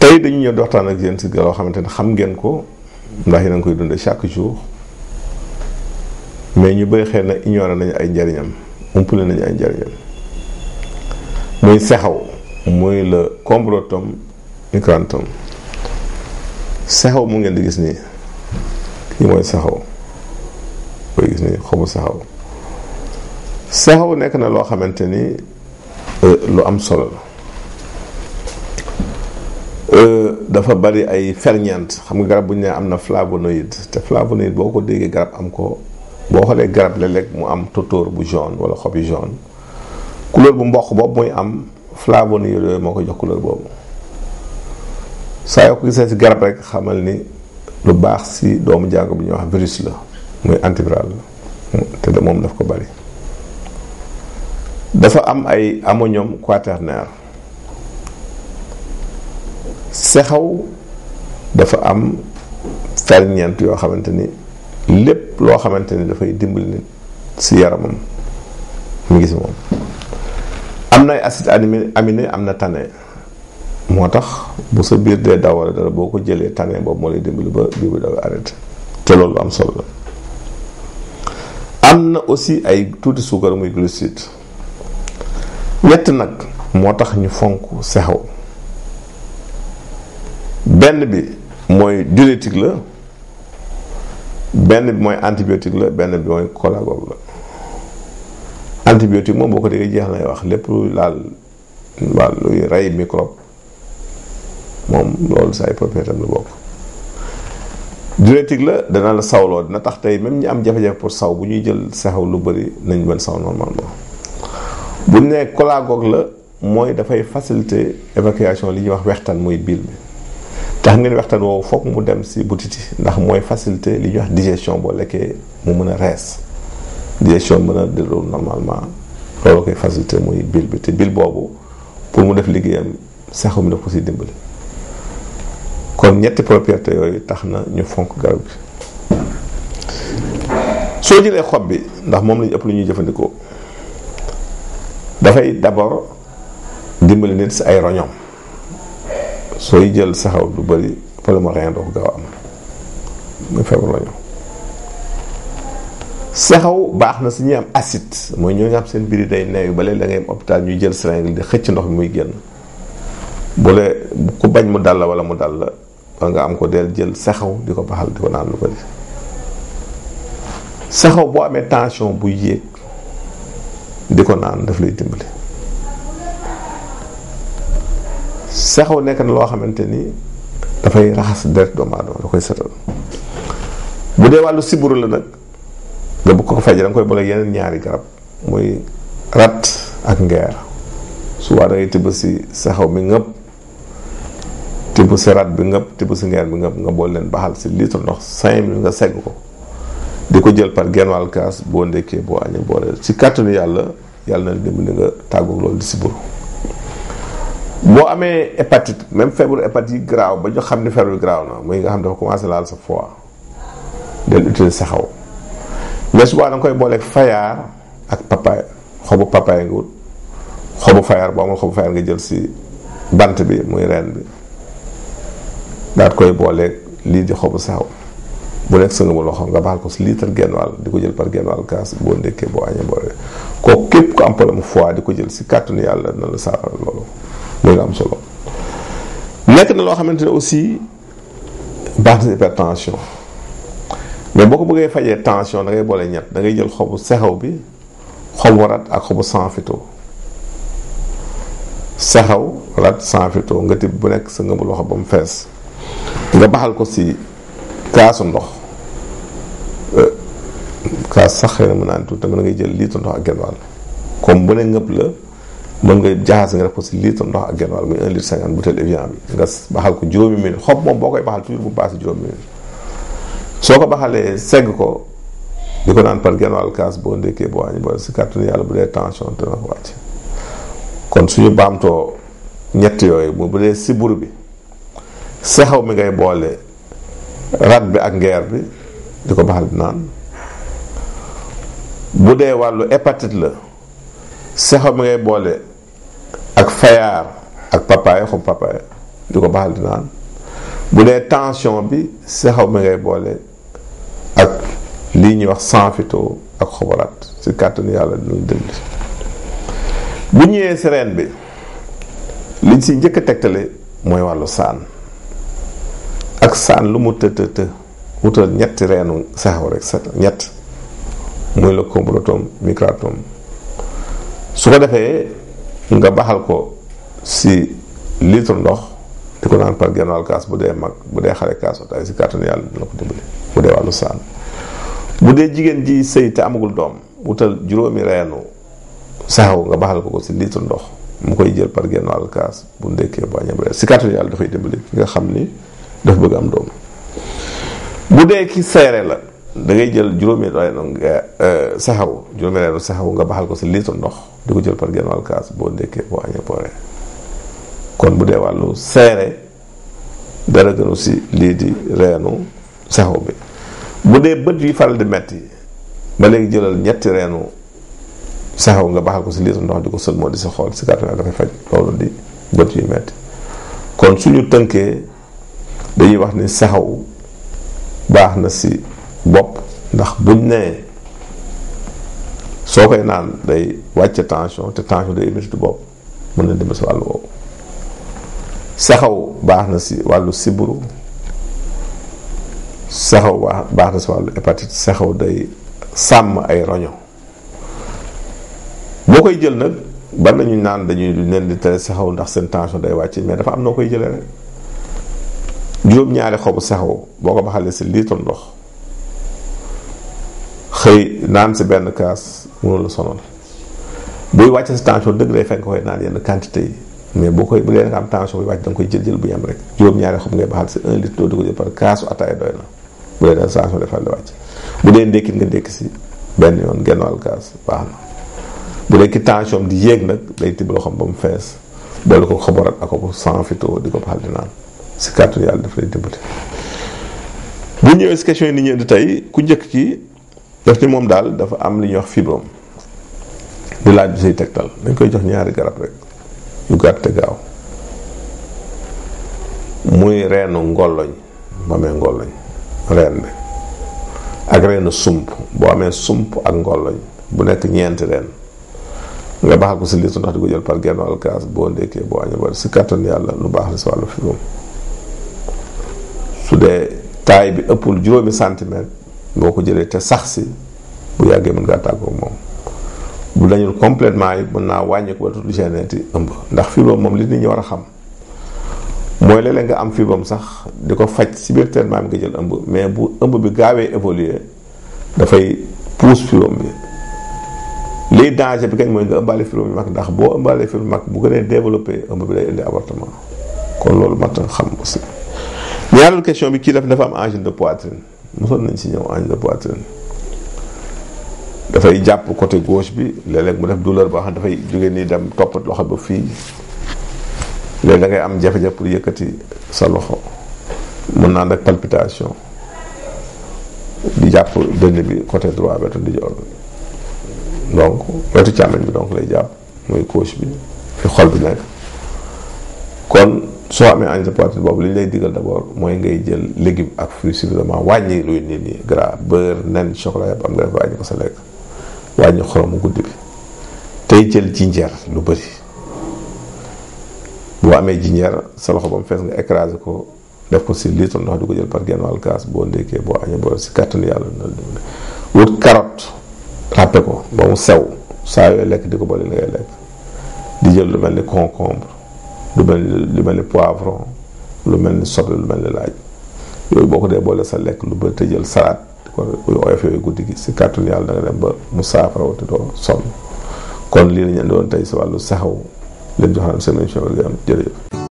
tey dañu ñëw di ak yéen si loo xamante ne xam ngeen ko ndax yéen a koy dundee chaque jour mais ñu bëri xëy na ignoré nañu ay njariñam umpule nañu ay njariñam muy sexaw muy le combretum micranthum sexaw mu ngeen di gis nii kii mooy sexaw koy gis nii xobu sexaw sexaw nekk na loo xamante ni euh, lu am solo la dafa bari ay ferñeent xam nga garab bu ñu ne am na flavonoïde te flavonoïde boo ko déggee garab am ko boo xoolee garab léeg-léeg mu am tótóor bu jaune wala xob yu jaune couleur bu mboq boobu muy am flavonoïde moo ko jox couleur boobu saa yoo ko gisee ci garab rek xamal ni lu baax si doomu jàngoro bu ñuy wax virus la muy antiviral la moom daf ko bari dafa am ay amoñom quaternaire sexaw dafa am ñeent yoo xamante ni lépp loo xamante ni dafay dimbali nit si yaramam mu ngi si moom am na ay acide aminé am na tane moo tax bu sa biir dee daw boo ko jëlee tane boobu moo lay dimbali ba arrêté te loolu am solo am na aussi ay tuuti suukar muy glucide ñett nag moo tax ñu fonk sexew benn bi mooy diurétique la benn bi mooy antibiotique la benn bi mooy cholagogue la antibiotique moom boo ko déggee jeex lay wax lépp luy laal waa luy rey microbe moom loolu sa ay propriété am la bokk diurétique la dana la sawloo dina tax tey même ñi am jafe-jafe pour saw bu ñuy jël sexew lu bari nañ mën saw normalement bu ne cholagogue la mooy dafay facilité évacuation li ñuy wax wextaan mooy bile bi tax ngeen waxtaan woowu foog mu dem si butit ndax mooy facilité li ñuy wax digestion boo lekkee mu mën a rees digestion mën a dellu normalement loolu koy facilité muy bile bi te bile boobu pour mu def liggéeyam saxum daf ko si dimbali. kon ñetti propriété yooyu tax na ñu fonk garab gi soo jëlee xob bi ndax moom lañu ëpp lu ñuy jëfandikoo dafay d'abord dimbali nit si ay roñoom. sooy jël sexew lu bari palomarin doo ko gaaw am muy feebar la ñëw saxaw baax na si ñuy am acide mooy ñoo nga am seen biir day neew ba leen da ngay am hôpital ñuy jël seringue di xëcc ndox mi muy génn bu ku bañ mu dal la wala mu dal la ba nga am ko del jël saxaw di ko baxal di ko naan lu bari saxaw boo amee tension bu yéeg di ko naan daf lay dimbali sexu nekk na loo xamante ni dafay raxas deret doomu aadama da koy setal bu dee wàllu siburu la nag nga bëgg ko faj da koy boole yeneen ñaari garab muy rat ak ngeer suba da ngay tibb si sexaw bi ngëpp tibb si rat bi ngëpp tibb si ngeer bi ngëpp nga boole leen baxal si litre ndox cinq minutes nga segg ko di ko jël par genn wàll kaas boo ndekkee boo añee boo reer ci kàttanu yàlla yàlla na dimbali nga tàggoog loolu di siburu boo amee hépatite même feebaru hépatite yi graaw ba ñu xam ni feebar bi graaw na muy nga xam dafa commencé laal sa foie del utiliser sa xaw mais da nga koy booleeg fayaar ak papaye xobu papaye nga wut xobu fayaar boo amul nga jël si bant bi muy reen koy booleeg lii di xobu saxaw bu nekk sëngamu loxo nga baxal ko si litre genn wàll di ko jël par genn wàll boo ndekkee boo añee boo kooku képp ku am problème foie di ko jël si kàttanu yàlla na la saafara loolu mooy lu am solo nekk na loo xamante ne aussi baax na mais boo ko bëggee fajee tension da ngay boole ñett da ngay jël xobu sexew bi xobu rat ak xobu sanfito sexew rat sanfito nga tibb bu nekk sa ngëmu loxo ba mu fees nga baxal ko si kaasu ndox euh, kaas sax xëy na mën naa tuuti da ngay jël litre ndox ak genn wàll comme bu ne ngëpp la. mën nga jaxase nga def ko si litre ndox ak genn wàll muy 1 litre 50 butéel bi nga baxal ko juróomi minute xob moom boo koy baxal toujours bu paase juróomi minute soo ko baxalee segg ko di ko naan par genn kaas boo ndékkee boo añ boo si kàttanu yàlla bu dee te dina ko wàcc kon suñu baamtoo ñett yooyu bu dee siburu bi sexaw mi ngay boole rat bi ak ngeer bi di ko baxal naan bu dee wàllu hépatite la sexaw mi ngay boole ak fayaar ak papaye xob papaye di ko baxal di naan bu dee tension bi sexaw mi ngay boole ak lii ñuy wax sanfito ak xobaraat si kàttanu yàlla dinañ dindi bu ñëwee si reen bi liñ si njëkk a tegtale mooy wàllu saan ak saan lu mu tëtëtë wutal ñetti reenu sexaw rek sa ñett muy la combrotum micratum su ko defee nga baxal ko si litre ndox di ko naan par genn wàll kaas bu dee mag bu dee xale kaas ataay si kàttan yàlla dina ko dimbali bu dee wàllu saan bu dee jigéen ji sëy te amagul doom wutal juróomi reenu saxaw nga baxal ko ko si litre ndox mu koy jël par genn wàll kaas bu ndekkee bu añee bu dee si kàttan yàlla dafay dimbali ki nga xam ni daf bëgg am doom bu dee ki seere la da ngay jël juróomi reenu nga euh, saxaw juróomi saxaw nga baxal ko si litre ndox di ko jël par genn wàll kaas boo ndékkee boo añee boo reer kon bu dee wàllu seere dara gënu si lii di reenu saxaw bi bu dee bët yi faral di metti ba léegi jëlal ñetti reenu saxaw nga baxal ko si litre ndox di ko sël moo di si xool si kàttan dafay faj loolu di bët yi metti kon suñu tënkee dañuy wax ni saxaw baax na si bopp ndax buñ nee soo koy naan day wàcce tension te tension day émerité bopp mën na dem si wàllu woowu saxaw baax na si wàllu siburu saxaw baax na si wàllu hépatite saxaw day sàmm ay roño boo koy jël nag ban nañu naan dañuy du leen di tere saxaw ndax seen tension day wàcce mais dafa am noo koy jëlee rek juróom-ñaari xobu saxaw boo ko baxalee si litre ndox xëy naan si benn kaas mënul la sonal buy wàcc sa tension dëgg lay fekk koy naan yenn quantité yi mais boo koy bu dee nga am tension buy wàcc da nga koy jël jël bu yem rek juróom-ñaari xob ngay baxal si un litre doo di ko jël par kaasu ataay doy na bu dee da tension di wàcc bu dee na bu dee tension di yéeg nag day tibb loo xam ba mu fees boole ko xoborat ak ko sans fito di ko baxal di naan si kàttu yàlla daf lay dimbali bu ñëwee si question yi ni ñu indi ku njëkk ki def ci moom daal dafa am li ñuy wax fibrome di laaj bi say tegtal dañ koy jox ñaari garab rek yu gàtt gaaw muy reenu ngolloñ bu amee ngolloñ reen bi ak reenu sump boo amee sump ak ngolloñ bu nekk ñeenti reen nga baaxal ko si litre ndox di ko jël par genn wàll kaas boo ndékkee boo añee bari si kàttan yàlla lu baax la si wàllu fibrome su dee taay bi ëppul juróomi centimètre boo ko jëlee te sax si bu yàggee mën ngaa tàggoo moom bu dañul completement yi mën naa wàññeeku ba tudd généti ëmb ndax fibrome moom li nit ñu war a xam mooy léeg-léeg nga am moom sax di ko faj si biir traitement bi nga jël ëmb mais bu ëmb bi gaawee évoluer dafay pousse fibrome bi liy danger bi kañ mooy nga ëmbaale fibrome bi mag ndax boo ëmbaale fibrome mag bu gënee développé ëmb bi day indi avortement kon loolu mat a xam si ñaareelu question bi kii daf dafa am angine de poitrine mosoon nañ si ñëw añ de poitrine dafay jàpp côté gauche bi léeg-léeg mu def douleur boo xam dafay jóge nii dem toppat loxo ba fii léegi da ngay am jafe-jafe pour yëkkati sa loxo mun naa nag palpitation di jàpp dënn bi côté droit wetu ndijoor bi donc wetu càmmoñ bi donc lay jàpp muy gauche bi fi xol bi nekk kon soo amee endométriose boobu li ñu lay digal mooy ngay jël légume ak fruit suffisamment wàññi luy nit ñi gras beurre nen chocolat yëpp am nga def ko sa lekk wàññi xorom guddi bi tey jël jinjeer lu bëri boo amee jinjeer sa loxo ba mu fees nga écrasé ko def ko si litre ndox di ko jël par genn wàll kaas boo ndékkee boo añee boo si kàttanu yàlla na dimbali wut carotte ràppe ko ba mu sew saa yooyu lekk di ko boole li ngay lekk di jël lu mel ni concombre lu mel lu mel ni poivron lu mel ni soble lu mel ni laaj yooyu boo ko dee boole sa lekk lu bëri te jël salaat kon oyof yooyu guddi gi si kàttanu yàlla da dem ba mu saafaraw te doo sonn kon lii la ñu andi tey si wàllu saxaw leen joxaan seen émission bi nga am